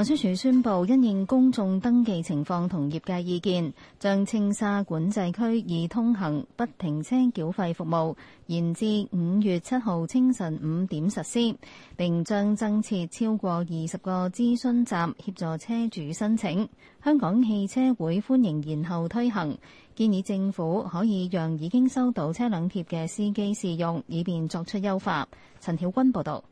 運輸署宣布，因應公眾登記情況同業界意見，將青沙管制區易通行不停車繳費服務延至五月七號清晨五點實施，並將增設超過二十個諮詢站協助車主申請。香港汽車會歡迎延後推行，建議政府可以讓已經收到車輛貼嘅司機試用，以便作出優化。陳曉君報道。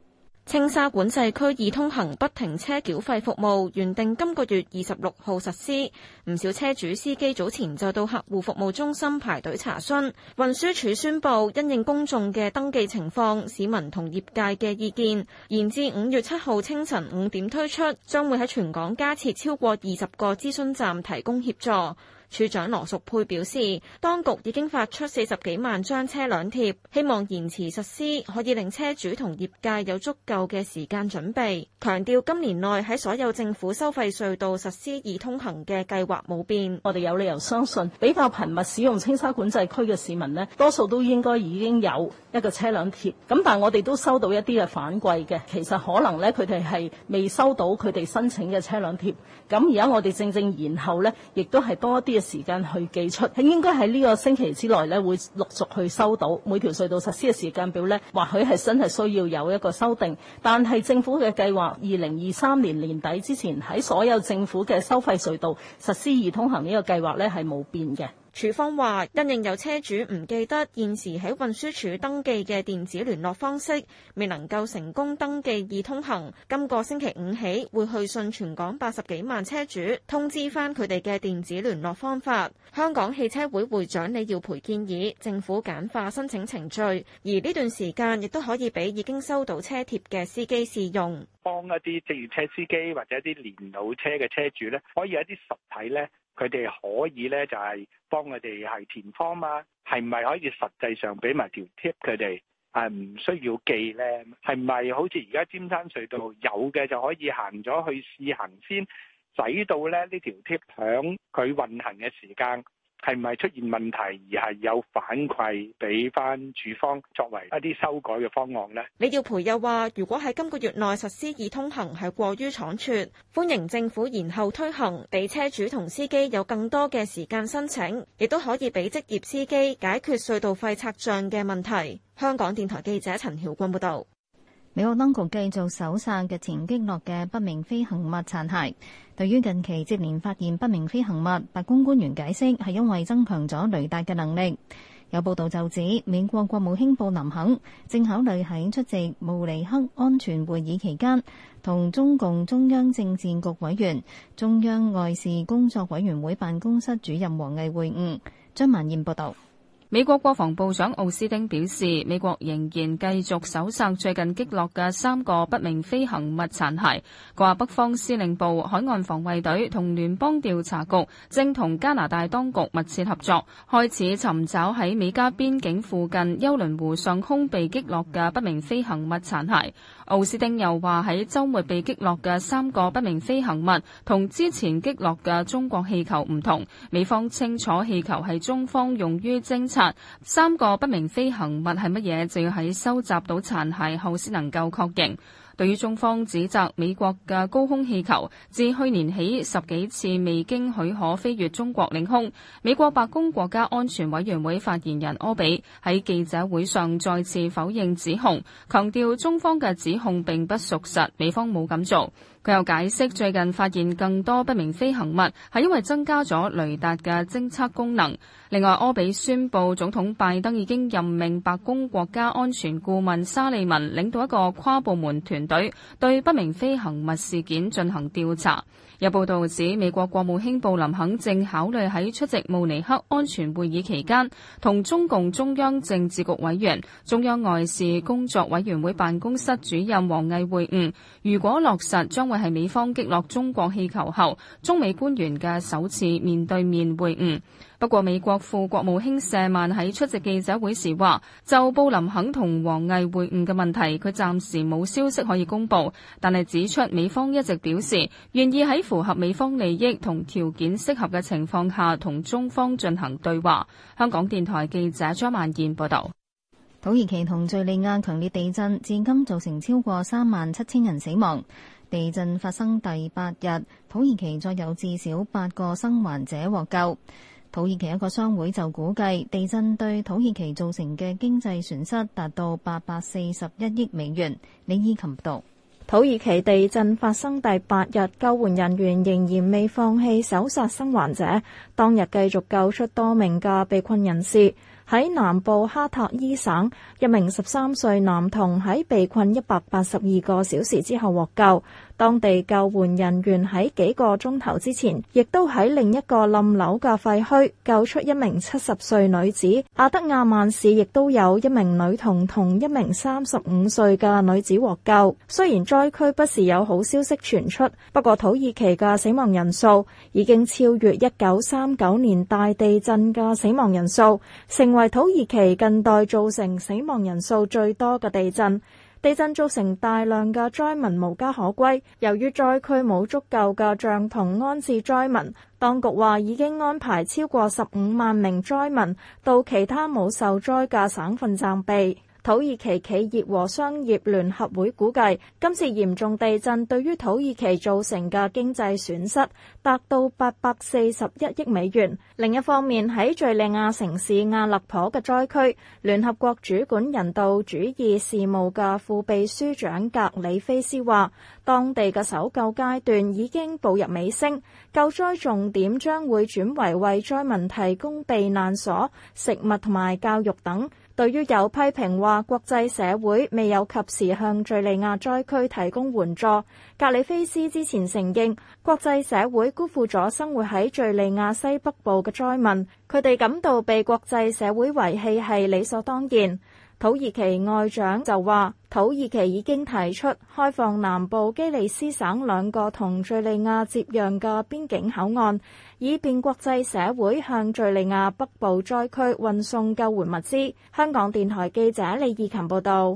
青沙管制區易通行不停車繳費服務，原定今個月二十六號實施，唔少車主司機早前就到客戶服務中心排隊查詢。運輸署宣布，因應公眾嘅登記情況、市民同業界嘅意見，延至五月七號清晨五點推出，將會喺全港加設超過二十個諮詢站提供協助。署長羅淑佩表示，當局已經發出四十幾萬張車輛貼，希望延遲實施可以令車主同業界有足夠嘅時間準備。強調今年內喺所有政府收費隧道實施易通行嘅計劃冇變。我哋有理由相信，比較頻密使用青沙管制區嘅市民呢，多數都應該已經有一個車輛貼。咁但係我哋都收到一啲嘅反饋嘅，其實可能呢，佢哋係未收到佢哋申請嘅車輛貼。咁而家我哋正正延後呢，亦都係多啲嘅時間去寄出，應該喺呢個星期之內咧，會陸續去收到。每條隧道實施嘅時間表咧，或許係真係需要有一個修訂，但係政府嘅計劃二零二三年年底之前喺所有政府嘅收費隧道實施易通行個計劃，呢個計劃咧係冇變嘅。處方話：因應有車主唔記得現時喺運輸署登記嘅電子聯絡方式，未能夠成功登記易通行，今個星期五起會去信全港八十幾萬車主，通知翻佢哋嘅電子聯絡方法。香港汽車會會長李耀培建議政府簡化申請程序，而呢段時間亦都可以俾已經收到車貼嘅司機試用，幫一啲職業司機或者一啲年老車嘅車主咧，可以有一啲實體咧。佢哋可以呢，就係、是、幫佢哋係填方嘛、啊，係唔係可以實際上俾埋條貼佢哋，係唔需要記呢？係唔係好似而家尖山隧道有嘅就可以行咗去試行先，使到咧呢條貼響佢運行嘅時間？係唔係出現問題，而係有反饋俾翻主方作為一啲修改嘅方案呢？李耀培又話，如果喺今個月內實施易通行，係過於倉促，歡迎政府延後推行，俾車主同司機有更多嘅時間申請，亦都可以俾職業司機解決隧道費拆賬嘅問題。香港電台記者陳曉君報道。美國當局繼續搜尋日前擊落嘅不明飛行物殘骸。對於近期接連發現不明飛行物，白宮官員解釋係因為增強咗雷達嘅能力。有報道就指，美國國務卿布林肯正考慮喺出席慕尼黑安全會議期間，同中共中央政治局委員、中央外事工作委員會辦公室主任王毅會晤。張文燕報導。美國國防部長奧斯丁表示，美國仍然繼續搜尋最近擊落嘅三個不明飛行物殘骸。佢話北方司令部海岸防衛隊同聯邦調查局正同加拿大當局密切合作，開始尋找喺美加邊境附近休倫湖上空被擊落嘅不明飛行物殘骸。奧斯丁又話喺周末被擊落嘅三個不明飛行物同之前擊落嘅中國氣球唔同。美方清楚氣球是中方用於偵察三個不明飛行物係乜嘢，就要喺收集到殘骸後先能夠確認。對於中方指責美國嘅高空氣球自去年起十幾次未經許可飛越中國領空，美國白宮國家安全委員會發言人柯比喺記者會上再次否認指控，強調中方嘅指控並不屬實，美方冇咁做。佢又解釋最近發現更多不明飛行物係因為增加咗雷達嘅偵測功能。另外，柯比宣布總統拜登已經任命白宮國家安全顧問沙利文領導一個跨部門團隊對不明飛行物事件進行調查。有報道指，美國國務卿布林肯正考慮喺出席慕尼黑安全會議期間，同中共中央政治局委員、中央外事工作委員會辦公室主任王毅會晤。如果落實，將會係美方擊落中國氣球後，中美官員嘅首次面對面會晤。不過，美國副國務卿舍曼喺出席記者會時話，就布林肯同王毅會晤嘅問題，佢暫時冇消息可以公布。但係指出，美方一直表示願意喺符合美方利益同條件適合嘅情況下同中方進行對話。香港電台記者張萬健報道：土耳其同敘利亞強烈地震至今造成超過三萬七千人死亡。地震發生第八日，土耳其再有至少八個生還者獲救。土耳其一個商會就估計，地震對土耳其造成嘅經濟損失達到八百四十一億美元。李伊琴道，土耳其地震發生第八日，救援人員仍然未放棄搜索生還者，當日繼續救出多名嘅被困人士。喺南部哈塔伊省，一名十三歲男童喺被困一百八十二個小時之後獲救。當地救援人員喺幾個鐘頭之前，亦都喺另一個冧樓嘅廢墟救出一名七十歲女子。阿德亞曼市亦都有一名女童同一名三十五歲嘅女子獲救。雖然災區不時有好消息傳出，不過土耳其嘅死亡人數已經超越一九三九年大地震嘅死亡人數，成為土耳其近代造成死亡人數最多嘅地震。地震造成大量嘅災民無家可歸，由於災區冇足夠嘅帳篷安置災民，當局話已經安排超過十五萬名災民到其他冇受災嘅省份暫避。土耳其企業和商業聯合會估計，今次嚴重地震對於土耳其造成嘅經濟損失，達到841億美元。另一方面，喺敘利亞城市阿勒頗嘅災區，聯合國主管人道主義事務嘅副秘書長格里菲斯話，當地嘅搜救階段已經步入尾聲，救災重點將會轉為為災民提供避難所、食物同埋教育等。對於有批評話國際社會未有及時向敍利亞災區提供援助，格里菲斯之前承認國際社會辜負咗生活喺敍利亞西北部嘅災民。佢哋感到被國際社會遺棄係理所當然。土耳其外長就話：土耳其已經提出開放南部基利斯省兩個同敍利亞接壤嘅邊境口岸，以便國際社會向敍利亞北部災區運送救援物資。香港電台記者李義琴報道，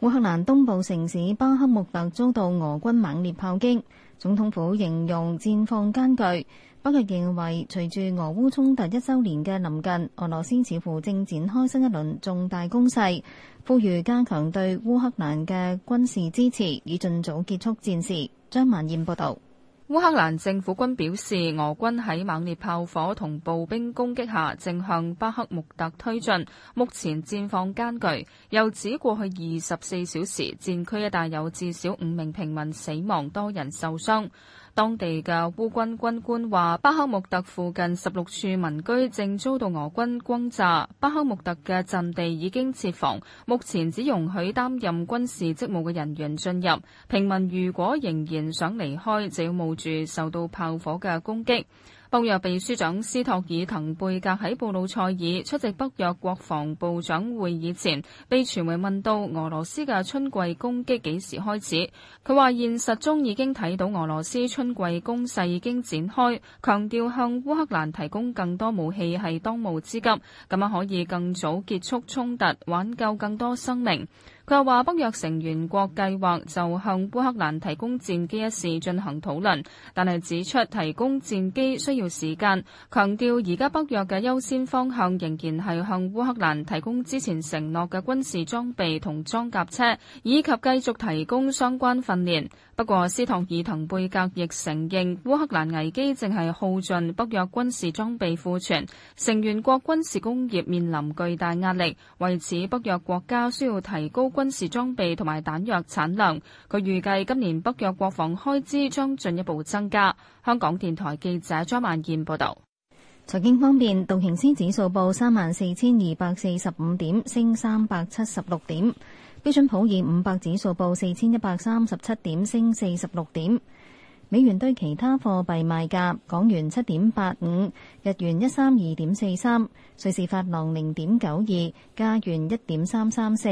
烏克蘭東部城市巴克穆特遭到俄軍猛烈炮擊。總統府形容戰況艱巨，不過認為隨住俄烏衝突一周年嘅臨近，俄羅斯似乎正展開新一輪重大攻勢，呼籲加強對烏克蘭嘅軍事支持，以盡早結束戰事。張萬燕報道。烏克蘭政府軍表示，俄軍喺猛烈炮火同步兵攻擊下，正向巴克穆特推進，目前戰況艱巨。又指過去二十四小時，戰區一帶有至少五名平民死亡，多人受傷。當地嘅烏軍軍官話，巴克穆特附近十六處民居正遭到俄軍轟炸，巴克穆特嘅陣地已經設防，目前只容許擔任軍事職務嘅人員進入。平民如果仍然想離開，就要冒住受到炮火嘅攻擊。北約秘書長斯托爾滕貝格喺布魯塞爾出席北約國防部長會議前，被傳媒問到俄羅斯嘅春季攻擊幾時開始，佢話現實中已經睇到俄羅斯春季攻勢已經展開，強調向烏克蘭提供更多武器係當務之急，咁樣可以更早結束衝突，挽救更多生命。佢又話：北約成員國計劃就向烏克蘭提供戰機一事進行討論，但係指出提供戰機需要時間。強調而家北約嘅優先方向仍然係向烏克蘭提供之前承諾嘅軍事裝備同裝甲車，以及繼續提供相關訓練。不過，斯托爾滕貝格亦承認，烏克蘭危機正係耗盡北約軍事裝備庫存，成員國軍事工業面臨巨大壓力。為此，北約國家需要提高軍事裝備同埋彈藥產量，佢預計今年北約國防開支將進一步增加。香港電台記者張萬健報道。財經方面，道瓊斯指數報三萬四千二百四十五點，升三百七十六點；標準普爾五百指數報四千一百三十七點，升四十六點。美元對其他貨幣賣價：港元七點八五，日元一三二點四三，瑞士法郎零點九二，加元一點三三四。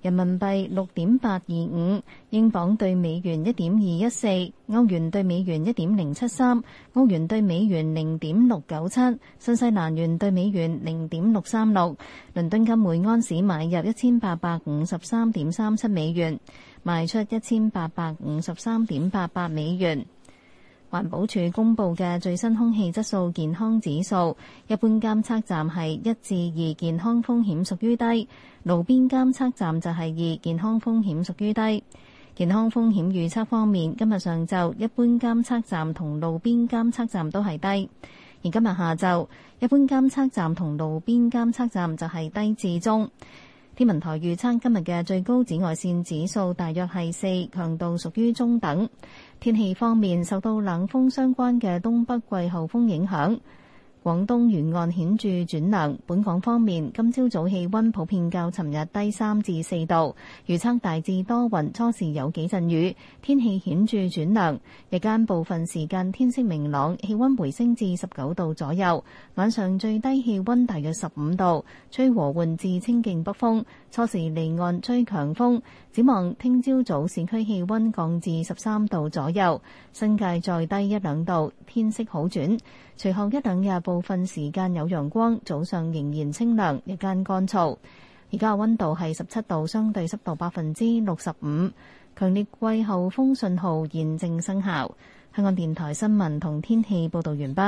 人民幣六點八二五，英鎊對美元一點二一四，歐元對美元一點零七三，澳元對美元零點六九七，新西蘭元對美元零點六三六。倫敦金每安士買入一千八百五十三點三七美元，賣出一千八百五十三點八八美元。環保署公布嘅最新空氣質素健康指數，一般監測站係一至二，健康風險屬於低；路邊監測站就係二，健康風險屬於低。健康風險預測方面，今日上晝一般監測站同路邊監測站都係低，而今日下晝一般監測站同路邊監測站就係低至中。天文台預測今日嘅最高紫外線指數大約係四，強度屬於中等。天氣方面，受到冷風相關嘅東北季候風影響。廣東沿岸顯著轉涼，本港方面今朝早氣溫普遍較尋日低三至四度，預測大致多雲，初時有幾陣雨，天氣顯著轉涼。日間部分時間天色明朗，氣溫回升至十九度左右。晚上最低氣溫大約十五度，吹和緩至清勁北風，初時離岸吹強風。展望聽朝早早市區氣溫降至十三度左右，新界再低一兩度，天色好轉。隨後一兩日報。部分時間有陽光，早上仍然清涼，日間乾燥。而家嘅溫度係十七度，相對濕度百分之六十五。強烈季候風信號現正生效。香港電台新聞同天氣報道完畢。